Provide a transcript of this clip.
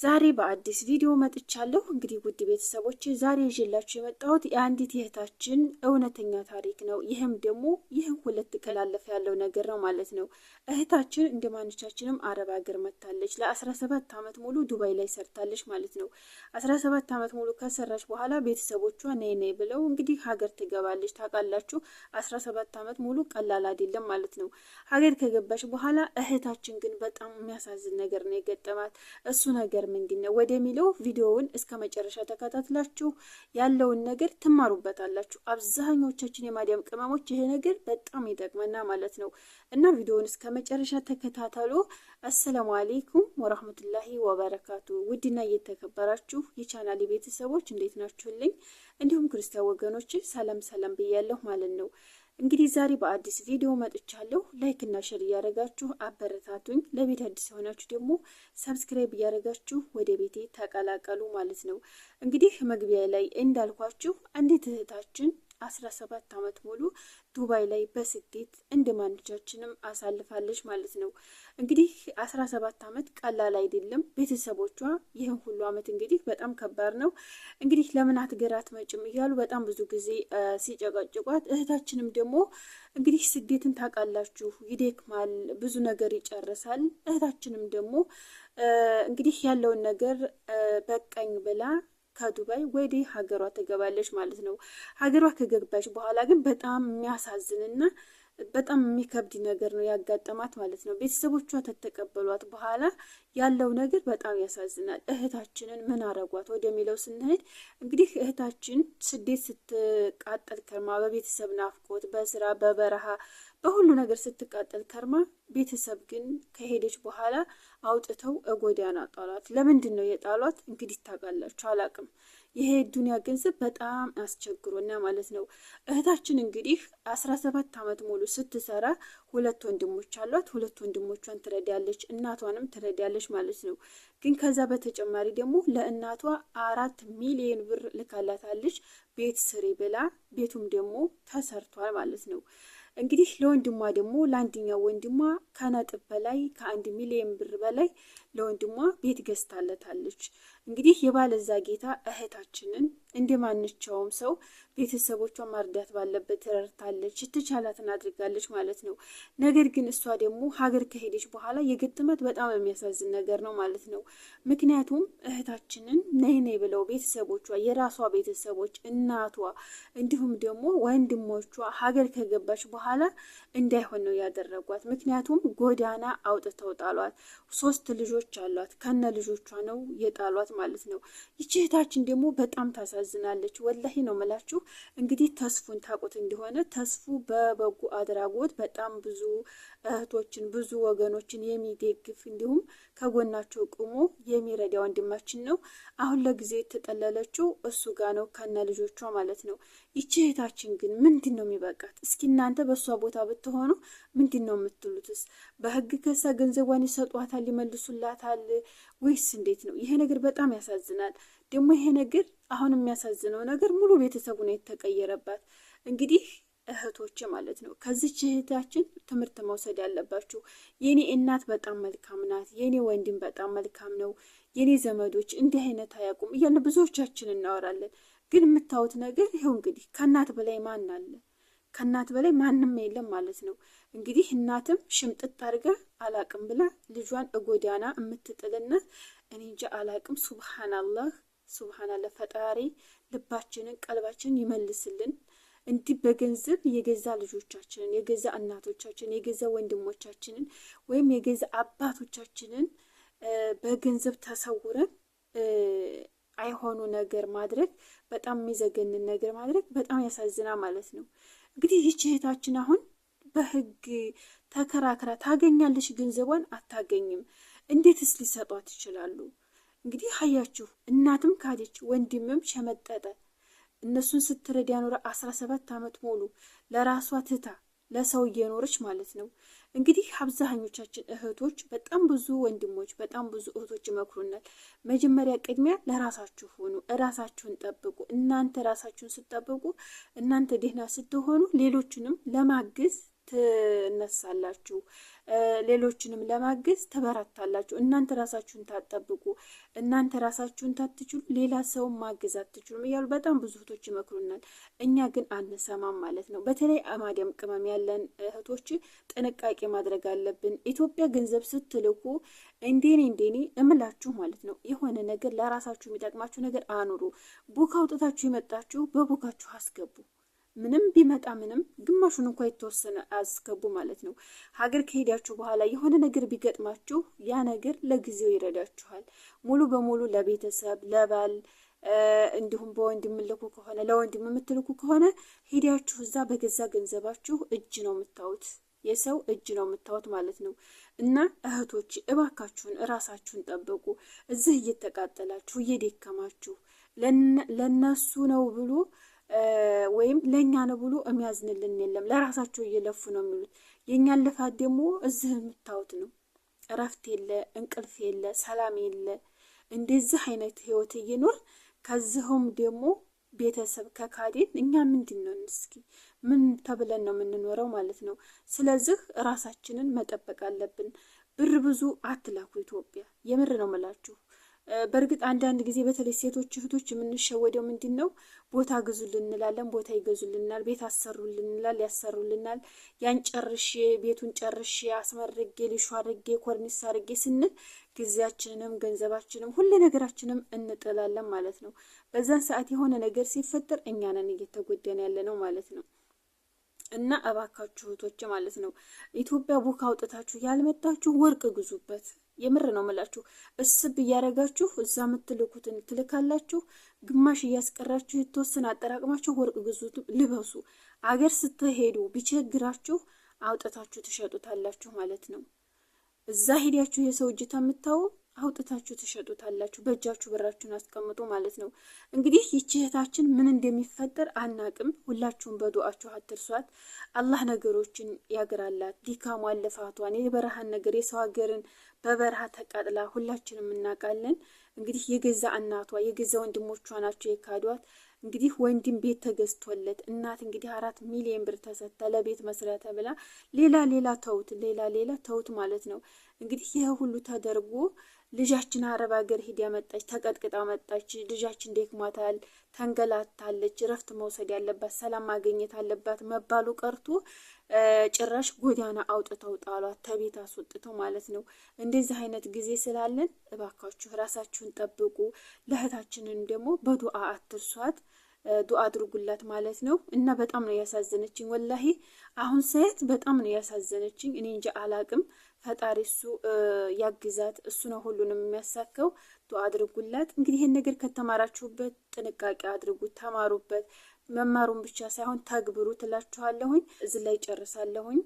ዛሬ በአዲስ ቪዲዮ መጥቻለሁ። እንግዲህ ውድ ቤተሰቦች ዛሬ ይዤላችሁ የመጣሁት የአንዲት እህታችን እውነተኛ ታሪክ ነው። ይህም ደግሞ ይህን ሁለት ቀላለፍ ያለው ነገር ነው ማለት ነው። እህታችን እንደ ማንቻችንም አረብ ሀገር መታለች። ለአስራ ሰባት ዓመት ሙሉ ዱባይ ላይ ሰርታለች ማለት ነው። አስራ ሰባት ዓመት ሙሉ ከሰራች በኋላ ቤተሰቦቿ ነይ ነይ ብለው እንግዲህ ሀገር ትገባለች። ታውቃላችሁ አስራ ሰባት ዓመት ሙሉ ቀላል አይደለም ማለት ነው። ሀገር ከገባች በኋላ እህታችን ግን በጣም የሚያሳዝን ነገር ነው የገጠማት እሱ ነገር ምንድን ነው ወደሚለው ቪዲዮውን እስከ መጨረሻ ተከታትላችሁ ያለውን ነገር ትማሩበታላችሁ። አብዛኞቻችን የማዲያም ቅመሞች ይሄ ነገር በጣም ይጠቅመና ማለት ነው እና ቪዲዮውን እስከ መጨረሻ ተከታተሉ። አሰላሙ አሌይኩም ወራህመቱላሂ ወበረካቱ። ውድና እየተከበራችሁ የቻናል ቤተሰቦች እንዴት ናችሁልኝ? እንዲሁም ክርስቲያን ወገኖች ሰላም ሰላም ብያለሁ ማለት ነው። እንግዲህ ዛሬ በአዲስ ቪዲዮ መጥቻለሁ። ላይክ እና ሼር እያደረጋችሁ አበረታቱኝ። ለቤት አዲስ የሆናችሁ ደግሞ ሰብስክራይብ እያደረጋችሁ ወደ ቤቴ ተቀላቀሉ ማለት ነው። እንግዲህ መግቢያ ላይ እንዳልኳችሁ አንዲት እህታችን 17 ዓመት ሙሉ ዱባይ ላይ በስደት እንደ ማንቻችንም አሳልፋለች ማለት ነው። እንግዲህ 17 ዓመት ቀላል አይደለም። ቤተሰቦቿ ይህን ሁሉ ዓመት እንግዲህ በጣም ከባድ ነው። እንግዲህ ለምን አትገራት መጭም እያሉ በጣም ብዙ ጊዜ ሲጨቀጭቋት፣ እህታችንም ደግሞ እንግዲህ ስደትን ታውቃላችሁ፣ ይደክማል፣ ብዙ ነገር ይጨርሳል። እህታችንም ደግሞ እንግዲህ ያለውን ነገር በቀኝ ብላ ከዱባይ ወደ ሀገሯ ትገባለች ማለት ነው። ሀገሯ ከገባች በኋላ ግን በጣም የሚያሳዝንና በጣም የሚከብድ ነገር ነው ያጋጠማት ማለት ነው። ቤተሰቦቿ ተተቀበሏት በኋላ ያለው ነገር በጣም ያሳዝናል። እህታችንን ምን አረጓት ወደሚለው ስንሄድ እንግዲህ እህታችን ስደት ስትቃጠል ከርማ በቤተሰብ ናፍቆት፣ በስራ በበረሃ በሁሉ ነገር ስትቃጠል ከርማ፣ ቤተሰብ ግን ከሄደች በኋላ አውጥተው እጎዳና ጣሏት። ለምንድን ነው የጣሏት? እንግዲህ ታውቃላችሁ፣ አላቅም። ይሄ ዱኒያ ገንዘብ በጣም አስቸግሮና ማለት ነው። እህታችን እንግዲህ አስራ ሰባት ዓመት ሙሉ ስትሰራ ሁለት ወንድሞች አሏት። ሁለት ወንድሞቿን ትረዳለች፣ እናቷንም ትረዳለች ማለት ነው። ግን ከዛ በተጨማሪ ደግሞ ለእናቷ አራት ሚሊዮን ብር ልካላታለች ቤት ስሪ ብላ። ቤቱም ደግሞ ተሰርቷል ማለት ነው። እንግዲህ ለወንድሟ ደግሞ ለአንድኛው ወንድሟ ከነጥብ በላይ ከአንድ ሚሊዮን ብር በላይ ለወንድሟ ቤት ገዝታለታለች። እንግዲህ የባለዛ ጌታ እህታችንን እንደ ማንኛውም ሰው ቤተሰቦቿ ማርዳት ባለበት ረድታለች፣ ስትቻላትን አድርጋለች ማለት ነው። ነገር ግን እሷ ደግሞ ሀገር ከሄደች በኋላ የገጠማት በጣም የሚያሳዝን ነገር ነው ማለት ነው። ምክንያቱም እህታችንን ነይ ነይ ብለው ቤተሰቦቿ፣ የራሷ ቤተሰቦች፣ እናቷ እንዲሁም ደግሞ ወንድሞቿ ሀገር ከገባች በኋላ እንዳይሆን ነው ያደረጓት። ምክንያቱም ጎዳና አውጥተው ጣሏት። ሶስት ልጆች ልጆች አሏት። ከነ ልጆቿ ነው የጣሏት ማለት ነው። ይቺ እህታችን ደግሞ በጣም ታሳዝናለች። ወላሂ ነው የምላችሁ። እንግዲህ ተስፉን ታቁት እንደሆነ ተስፉ በበጎ አድራጎት በጣም ብዙ እህቶችን ብዙ ወገኖችን የሚደግፍ እንዲሁም ከጎናቸው ቁሞ የሚረዳ ወንድማችን ነው። አሁን ለጊዜ የተጠለለችው እሱ ጋር ነው ከነ ልጆቿ ማለት ነው። ይቺ እህታችን ግን ምንድን ነው የሚበቃት? እስኪ እናንተ በእሷ ቦታ ብትሆኑ ምንድን ነው የምትሉትስ? በህግ ከሳ ገንዘቧን ይሰጧታል፣ ሊመልሱላት ይላታል ወይስ እንዴት ነው ይሄ ነገር? በጣም ያሳዝናል። ደግሞ ይሄ ነገር አሁን የሚያሳዝነው ነገር ሙሉ ቤተሰቡ ነው የተቀየረባት። እንግዲህ እህቶች ማለት ነው ከዚች እህታችን ትምህርት መውሰድ ያለባችሁ። የኔ እናት በጣም መልካም ናት፣ የኔ ወንድም በጣም መልካም ነው፣ የኔ ዘመዶች እንዲህ አይነት አያውቁም እያለ ብዙዎቻችን እናወራለን። ግን የምታዩት ነገር ይኸው እንግዲህ ከእናት በላይ ማን አለ? ከእናት በላይ ማንም የለም ማለት ነው። እንግዲህ እናትም ሽምጥጥ አድርጋ አላቅም ብላ ልጇን እጎዳና የምትጥልና እኔ እንጃ አላቅም። ሱብሃናላህ ሱብሃናላህ። ፈጣሪ ልባችንን ቀልባችንን ይመልስልን። እንዲህ በገንዘብ የገዛ ልጆቻችንን የገዛ እናቶቻችንን የገዛ ወንድሞቻችንን ወይም የገዛ አባቶቻችንን በገንዘብ ተሰውረን አይሆኑ ነገር ማድረግ በጣም የሚዘገንን ነገር ማድረግ በጣም ያሳዝና ማለት ነው። እንግዲህ ይህች እህታችን አሁን በህግ ተከራክራ ታገኛለች፣ ገንዘቧን አታገኝም። እንዴትስ ሊሰጧት ይችላሉ? እንግዲህ አያችሁ፣ እናትም ካደች፣ ወንድምም ሸመጠጠ። እነሱን ስትረዳ ያኖረ አስራ ሰባት አመት ሙሉ ለራሷ ትታ ለሰው እየኖረች ማለት ነው። እንግዲህ አብዛኞቻችን እህቶች በጣም ብዙ ወንድሞች፣ በጣም ብዙ እህቶች ይመክሩናል። መጀመሪያ ቅድሚያ ለራሳችሁ ሆኑ፣ እራሳችሁን ጠብቁ። እናንተ ራሳችሁን ስጠብቁ እናንተ ደህና ስትሆኑ ሌሎችንም ለማገዝ ትነሳላችሁ፣ ሌሎችንም ለማገዝ ትበረታላችሁ። እናንተ ራሳችሁን ታጠብቁ፣ እናንተ ራሳችሁን ታትችሉ፣ ሌላ ሰውን ማገዝ አትችሉም እያሉ በጣም ብዙ እህቶች ይመክሩናል። እኛ ግን አንሰማም ማለት ነው። በተለይ አማዲያም ቅመም ያለን እህቶች ጥንቃቄ ማድረግ አለብን። ኢትዮጵያ ገንዘብ ስትልኩ እንዴኔ እንዴኔ እምላችሁ ማለት ነው የሆነ ነገር ለራሳችሁ የሚጠቅማችሁ ነገር አኑሩ። ቡካ አውጥታችሁ የመጣችሁ በቡካችሁ አስገቡ። ምንም ቢመጣ ምንም ግማሹን እንኳ የተወሰነ አስገቡ ማለት ነው። ሀገር ከሄዳችሁ በኋላ የሆነ ነገር ቢገጥማችሁ ያ ነገር ለጊዜው ይረዳችኋል። ሙሉ በሙሉ ለቤተሰብ ለባል እንዲሁም በወንድ የምልኩ ከሆነ ለወንድም የምትልኩ ከሆነ ሄዳችሁ እዛ በገዛ ገንዘባችሁ እጅ ነው የምታዩት፣ የሰው እጅ ነው የምታዩት ማለት ነው። እና እህቶች እባካችሁን እራሳችሁን ጠብቁ። እዚህ እየተቃጠላችሁ እየደከማችሁ ለነሱ ነው ብሎ ወይም ለእኛ ነው ብሎ የሚያዝንልን የለም። ለራሳቸው እየለፉ ነው የሚሉት። የእኛን ልፋት ደግሞ እዚህ የምታዩት ነው። እረፍት የለ፣ እንቅልፍ የለ፣ ሰላም የለ። እንደዚህ አይነት ህይወት እየኖር ከዚህም ደግሞ ቤተሰብ ከካዴን እኛ ምንድን ነው እስኪ ምን ተብለን ነው የምንኖረው ማለት ነው። ስለዚህ ራሳችንን መጠበቅ አለብን። ብር ብዙ አትላኩ ኢትዮጵያ፣ የምር ነው የምላችሁ። በእርግጥ አንዳንድ ጊዜ በተለይ ሴቶች እህቶች የምንሸወደው ምንድን ነው? ቦታ ግዙልን እንላለን፣ ቦታ ይገዙልናል። ቤት አሰሩልን እንላል፣ ያሰሩልናል። ያን ጨርሼ ቤቱን ጨርሼ አስመርጌ ሊሾ አርጌ ኮርኒስ አርጌ ስንል ጊዜያችንንም ገንዘባችንም ሁሌ ነገራችንም እንጥላለን ማለት ነው። በዛን ሰዓት የሆነ ነገር ሲፈጠር እኛ ነን እየተጎዳን ያለ ነው ማለት ነው። እና እባካችሁ እህቶች ማለት ነው ኢትዮጵያ ቡክ አውጥታችሁ ያልመጣችሁ ወርቅ ግዙበት። የምር ነው ምላችሁ። እስብ እያደረጋችሁ እዛ የምትልኩትን ትልካላችሁ፣ ግማሽ እያስቀራችሁ የተወሰነ አጠራቅማችሁ ወርቅ ግዙ፣ ልበሱ። አገር ስትሄዱ ቢቸግራችሁ አውጥታችሁ ትሸጡታላችሁ ማለት ነው። እዛ ሄዳችሁ የሰው እጅ ተምታው አውጥታችሁ ትሸጡታላችሁ። በእጃችሁ ብራችሁን አስቀምጡ ማለት ነው። እንግዲህ ይቺ እህታችን ምን እንደሚፈጠር አናቅም። ሁላችሁም በዱአችሁ አትርሷት። አላህ ነገሮችን ያግራላት፣ ድካሟን፣ ልፋቷን፣ የበረሃን ነገር የሰው ሀገርን በበረሃ ተቃጥላ ሁላችንም እናውቃለን። እንግዲህ የገዛ እናቷ የገዛ ወንድሞቿ ናቸው የካዷት። እንግዲህ ወንድም ቤት ተገዝቶለት እናት እንግዲህ አራት ሚሊዮን ብር ተሰጥታ ለቤት መስሪያ ተብላ ሌላ ሌላ ተውት ሌላ ሌላ ተውት ማለት ነው እንግዲህ ይህ ሁሉ ተደርጎ ልጃችን አረብ ሀገር ሂድ ያመጣች ተቀጥቅጣ መጣች። ልጃችን ደክሟታል፣ ተንገላታለች፣ እረፍት መውሰድ ያለባት፣ ሰላም ማግኘት አለባት መባሉ ቀርቶ ጭራሽ ጎዳና አውጥተው ጣሏት፣ ተቤት አስወጥተው ማለት ነው። እንደዚህ አይነት ጊዜ ስላለን እባካችሁ ራሳችሁን ጠብቁ። ለእህታችንን ደግሞ በዱአ አትርሷት። ዱአ አድርጉላት ማለት ነው። እና በጣም ነው ያሳዘነችኝ ወላሂ። አሁን ሰየት በጣም ነው ያሳዘነችኝ። እኔ እንጂ አላቅም። ፈጣሪ እሱ ያግዛት። እሱ ነው ሁሉንም የሚያሳከው ዱአ አድርጉላት። እንግዲህ ይህን ነገር ከተማራችሁበት ጥንቃቄ አድርጉ፣ ተማሩበት። መማሩን ብቻ ሳይሆን ተግብሩ ትላችኋለሁኝ። እዚህ ላይ ጨርሳለሁኝ።